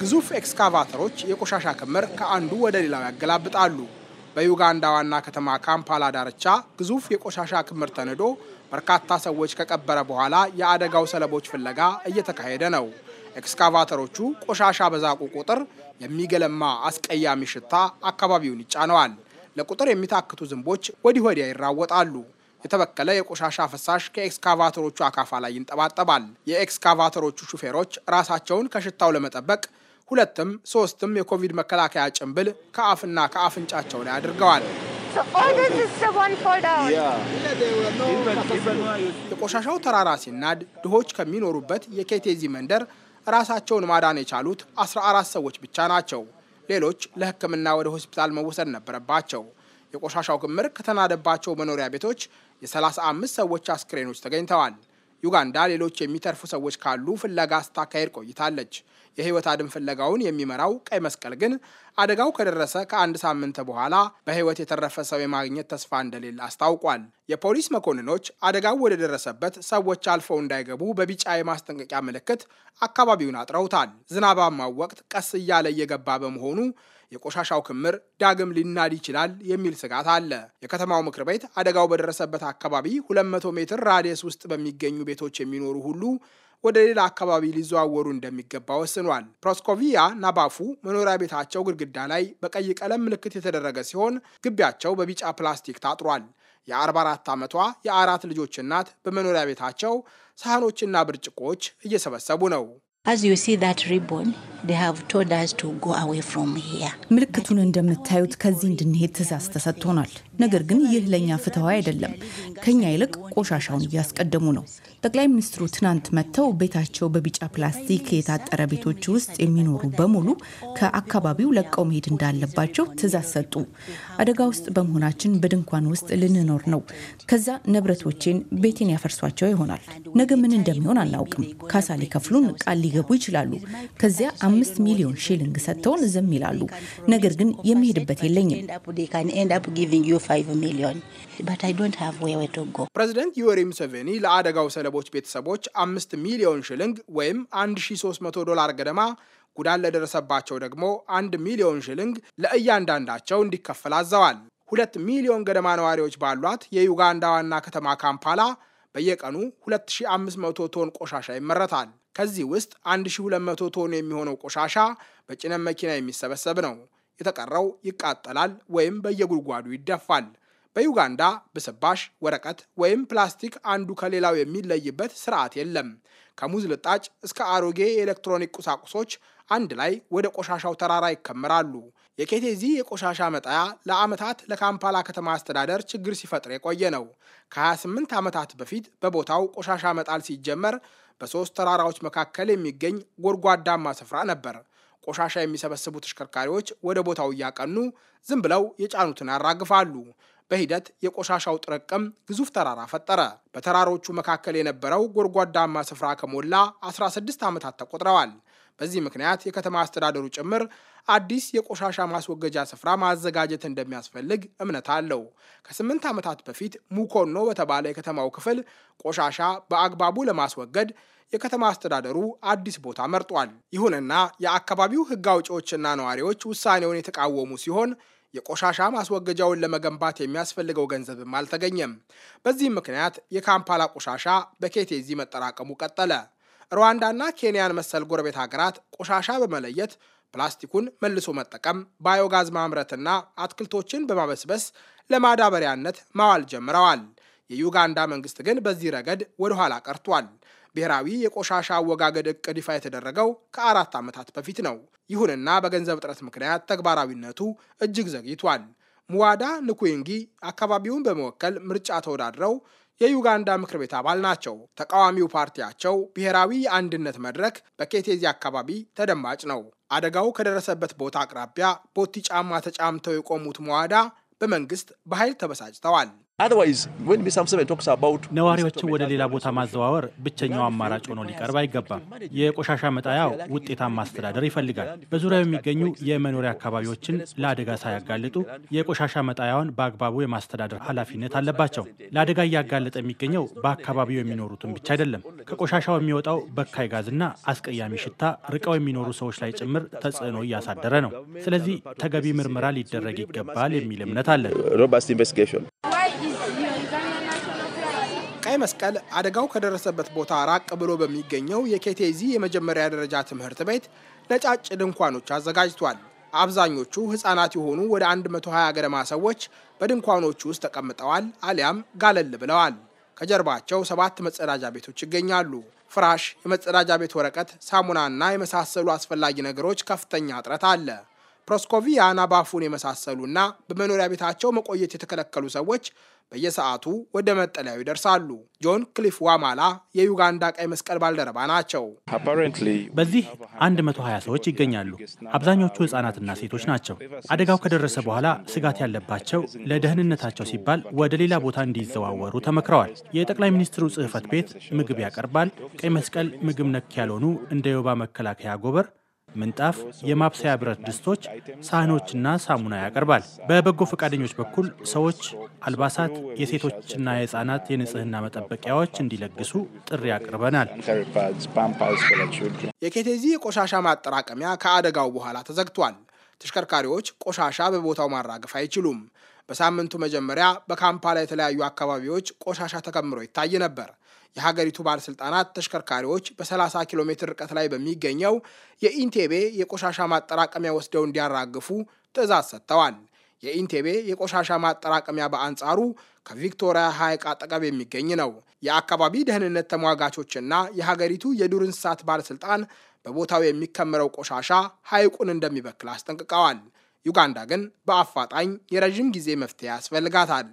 ግዙፍ ኤክስካቫተሮች የቆሻሻ ክምር ከአንዱ ወደ ሌላው ያገላብጣሉ። በዩጋንዳ ዋና ከተማ ካምፓላ ዳርቻ ግዙፍ የቆሻሻ ክምር ተንዶ በርካታ ሰዎች ከቀበረ በኋላ የአደጋው ሰለቦች ፍለጋ እየተካሄደ ነው። ኤክስካቫተሮቹ ቆሻሻ በዛቁ ቁጥር የሚገለማ አስቀያሚ ሽታ አካባቢውን ይጫነዋል። ለቁጥር የሚታክቱ ዝንቦች ወዲህ ወዲያ ይራወጣሉ። የተበከለ የቆሻሻ ፍሳሽ ከኤክስካቫተሮቹ አካፋ ላይ ይንጠባጠባል። የኤክስካቫተሮቹ ሹፌሮች ራሳቸውን ከሽታው ለመጠበቅ ሁለትም ሶስትም የኮቪድ መከላከያ ጭንብል ከአፍና ከአፍንጫቸው ላይ አድርገዋል። የቆሻሻው ተራራ ሲናድ ድሆች ከሚኖሩበት የኬቴዚ መንደር ራሳቸውን ማዳን የቻሉት 14 ሰዎች ብቻ ናቸው። ሌሎች ለሕክምና ወደ ሆስፒታል መወሰድ ነበረባቸው። የቆሻሻው ክምር ከተናደባቸው መኖሪያ ቤቶች የ35 ሰዎች አስክሬኖች ተገኝተዋል። ዩጋንዳ ሌሎች የሚተርፉ ሰዎች ካሉ ፍለጋ ስታካሄድ ቆይታለች። የህይወት አድን ፍለጋውን የሚመራው ቀይ መስቀል ግን አደጋው ከደረሰ ከአንድ ሳምንት በኋላ በህይወት የተረፈ ሰው የማግኘት ተስፋ እንደሌለ አስታውቋል። የፖሊስ መኮንኖች አደጋው ወደ ደረሰበት ሰዎች አልፈው እንዳይገቡ በቢጫ የማስጠንቀቂያ ምልክት አካባቢውን አጥረውታል። ዝናባማው ወቅት ቀስ እያለ እየገባ በመሆኑ የቆሻሻው ክምር ዳግም ሊናድ ይችላል የሚል ስጋት አለ። የከተማው ምክር ቤት አደጋው በደረሰበት አካባቢ 200 ሜትር ራዲየስ ውስጥ በሚገኙ ቤቶች የሚኖሩ ሁሉ ወደ ሌላ አካባቢ ሊዘዋወሩ እንደሚገባ ወስኗል። ፕሮስኮቪያ ናባፉ መኖሪያ ቤታቸው ግድግዳ ላይ በቀይ ቀለም ምልክት የተደረገ ሲሆን ግቢያቸው በቢጫ ፕላስቲክ ታጥሯል። የ44 ዓመቷ የአራት ልጆች እናት በመኖሪያ ቤታቸው ሳህኖችና ብርጭቆዎች እየሰበሰቡ ነው። As you see that ribbon, ምልክቱን እንደምታዩት ከዚህ እንድንሄድ ትእዛዝ ተሰጥቶናል። ነገር ግን ይህ ለእኛ ፍትሐዊ አይደለም። ከኛ ይልቅ ቆሻሻውን እያስቀደሙ ነው። ጠቅላይ ሚኒስትሩ ትናንት መጥተው ቤታቸው በቢጫ ፕላስቲክ የታጠረ ቤቶች ውስጥ የሚኖሩ በሙሉ ከአካባቢው ለቀው መሄድ እንዳለባቸው ትእዛዝ ሰጡ። አደጋ ውስጥ በመሆናችን በድንኳን ውስጥ ልንኖር ነው። ከዛ ንብረቶቼን፣ ቤቴን ያፈርሷቸው ይሆናል። ነገ ምን እንደሚሆን አናውቅም። ካሳ ሊከፍሉን ቃል ሊገቡ ይችላሉ። ከዚያ አምስት ሚሊዮን ሺሊንግ ሰጥተውን ዝም ይላሉ። ነገር ግን የሚሄድበት የለኝም። ፕሬዚደንት ዩዌሪ ሙሴቬኒ ለአደጋው ሰለቦች ቤተሰቦች አምስት ሚሊዮን ሺሊንግ ወይም 1300 ዶላር ገደማ ጉዳት ለደረሰባቸው ደግሞ አንድ ሚሊዮን ሽልንግ ለእያንዳንዳቸው እንዲከፈል አዘዋል። ሁለት ሚሊዮን ገደማ ነዋሪዎች ባሏት የዩጋንዳ ዋና ከተማ ካምፓላ በየቀኑ 2500 ቶን ቆሻሻ ይመረታል። ከዚህ ውስጥ 1200 ቶን የሚሆነው ቆሻሻ በጭነት መኪና የሚሰበሰብ ነው። የተቀረው ይቃጠላል ወይም በየጉድጓዱ ይደፋል። በዩጋንዳ ብስባሽ ወረቀት ወይም ፕላስቲክ አንዱ ከሌላው የሚለይበት ስርዓት የለም። ከሙዝ ልጣጭ እስከ አሮጌ የኤሌክትሮኒክ ቁሳቁሶች አንድ ላይ ወደ ቆሻሻው ተራራ ይከምራሉ። የኬቴዚ የቆሻሻ መጣያ ለዓመታት ለካምፓላ ከተማ አስተዳደር ችግር ሲፈጥር የቆየ ነው። ከ28 ዓመታት በፊት በቦታው ቆሻሻ መጣል ሲጀመር በሦስት ተራራዎች መካከል የሚገኝ ጎድጓዳማ ስፍራ ነበር። ቆሻሻ የሚሰበስቡ ተሽከርካሪዎች ወደ ቦታው እያቀኑ ዝም ብለው የጫኑትን ያራግፋሉ። በሂደት የቆሻሻው ጥርቅም ግዙፍ ተራራ ፈጠረ። በተራሮቹ መካከል የነበረው ጎድጓዳማ ስፍራ ከሞላ 16 ዓመታት ተቆጥረዋል። በዚህ ምክንያት የከተማ አስተዳደሩ ጭምር አዲስ የቆሻሻ ማስወገጃ ስፍራ ማዘጋጀት እንደሚያስፈልግ እምነት አለው። ከስምንት ዓመታት በፊት ሙኮኖ በተባለ የከተማው ክፍል ቆሻሻ በአግባቡ ለማስወገድ የከተማ አስተዳደሩ አዲስ ቦታ መርጧል። ይሁንና የአካባቢው ሕግ አውጪዎችና ነዋሪዎች ውሳኔውን የተቃወሙ ሲሆን የቆሻሻ ማስወገጃውን ለመገንባት የሚያስፈልገው ገንዘብም አልተገኘም። በዚህም ምክንያት የካምፓላ ቆሻሻ በኬቴዚ መጠራቀሙ ቀጠለ። ሩዋንዳና ኬንያን መሰል ጎረቤት ሀገራት ቆሻሻ በመለየት ፕላስቲኩን መልሶ መጠቀም፣ ባዮጋዝ ማምረትና አትክልቶችን በማበስበስ ለማዳበሪያነት ማዋል ጀምረዋል። የዩጋንዳ መንግስት ግን በዚህ ረገድ ወደኋላ ቀርቷል። ብሔራዊ የቆሻሻ አወጋገድ እቅድ ይፋ የተደረገው ከአራት ዓመታት በፊት ነው። ይሁንና በገንዘብ እጥረት ምክንያት ተግባራዊነቱ እጅግ ዘግይቷል። ሙዋዳ ንኩንጊ አካባቢውን በመወከል ምርጫ ተወዳድረው የዩጋንዳ ምክር ቤት አባል ናቸው። ተቃዋሚው ፓርቲያቸው ብሔራዊ የአንድነት መድረክ በኬቴዚ አካባቢ ተደማጭ ነው። አደጋው ከደረሰበት ቦታ አቅራቢያ ቦቲ ጫማ ተጫምተው የቆሙት ሙዋዳ በመንግስት በኃይል ተበሳጭተዋል። ነዋሪዎችን ወደ ሌላ ቦታ ማዘዋወር ብቸኛው አማራጭ ሆኖ ሊቀርብ አይገባም። የቆሻሻ መጣያው ውጤታማ አስተዳደር ይፈልጋል። በዙሪያው የሚገኙ የመኖሪያ አካባቢዎችን ለአደጋ ሳያጋልጡ የቆሻሻ መጣያውን በአግባቡ የማስተዳደር ኃላፊነት አለባቸው። ለአደጋ እያጋለጠ የሚገኘው በአካባቢው የሚኖሩትን ብቻ አይደለም። ከቆሻሻው የሚወጣው በካይ ጋዝና አስቀያሚ ሽታ ርቀው የሚኖሩ ሰዎች ላይ ጭምር ተጽዕኖ እያሳደረ ነው። ስለዚህ ተገቢ ምርመራ ሊደረግ ይገባል የሚል እምነት አለን። ቀይ መስቀል አደጋው ከደረሰበት ቦታ ራቅ ብሎ በሚገኘው የኬቴዚ የመጀመሪያ ደረጃ ትምህርት ቤት ነጫጭ ድንኳኖች አዘጋጅቷል። አብዛኞቹ ሕፃናት የሆኑ ወደ 120 ገደማ ሰዎች በድንኳኖቹ ውስጥ ተቀምጠዋል አሊያም ጋለል ብለዋል። ከጀርባቸው ሰባት መጸዳጃ ቤቶች ይገኛሉ። ፍራሽ፣ የመጸዳጃ ቤት ወረቀት፣ ሳሙናና የመሳሰሉ አስፈላጊ ነገሮች ከፍተኛ እጥረት አለ። ፕሮስኮቪያ ናባፉን የመሳሰሉና በመኖሪያ ቤታቸው መቆየት የተከለከሉ ሰዎች በየሰዓቱ ወደ መጠለያው ይደርሳሉ። ጆን ክሊፍ ዋማላ የዩጋንዳ ቀይ መስቀል ባልደረባ ናቸው። በዚህ 120 ሰዎች ይገኛሉ። አብዛኞቹ ሕጻናትና ሴቶች ናቸው። አደጋው ከደረሰ በኋላ ስጋት ያለባቸው ለደህንነታቸው ሲባል ወደ ሌላ ቦታ እንዲዘዋወሩ ተመክረዋል። የጠቅላይ ሚኒስትሩ ጽሕፈት ቤት ምግብ ያቀርባል። ቀይ መስቀል ምግብ ነክ ያልሆኑ እንደ የወባ መከላከያ ጎበር ምንጣፍ፣ የማብሰያ ብረት ድስቶች፣ ሳህኖችና ሳሙና ያቀርባል። በበጎ ፈቃደኞች በኩል ሰዎች አልባሳት፣ የሴቶችና የህፃናት የንጽህና መጠበቂያዎች እንዲለግሱ ጥሪ አቅርበናል። የኬቴዚ የቆሻሻ ማጠራቀሚያ ከአደጋው በኋላ ተዘግቷል። ተሽከርካሪዎች ቆሻሻ በቦታው ማራገፍ አይችሉም። በሳምንቱ መጀመሪያ በካምፓላ የተለያዩ አካባቢዎች ቆሻሻ ተከምሮ ይታይ ነበር። የሀገሪቱ ባለስልጣናት ተሽከርካሪዎች በ30 ኪሎ ሜትር ርቀት ላይ በሚገኘው የኢንቴቤ የቆሻሻ ማጠራቀሚያ ወስደው እንዲያራግፉ ትዕዛዝ ሰጥተዋል። የኢንቴቤ የቆሻሻ ማጠራቀሚያ በአንጻሩ ከቪክቶሪያ ሐይቅ አጠገብ የሚገኝ ነው። የአካባቢ ደህንነት ተሟጋቾችና የሀገሪቱ የዱር እንስሳት ባለስልጣን በቦታው የሚከመረው ቆሻሻ ሐይቁን እንደሚበክል አስጠንቅቀዋል። ዩጋንዳ ግን በአፋጣኝ የረዥም ጊዜ መፍትሄ ያስፈልጋታል።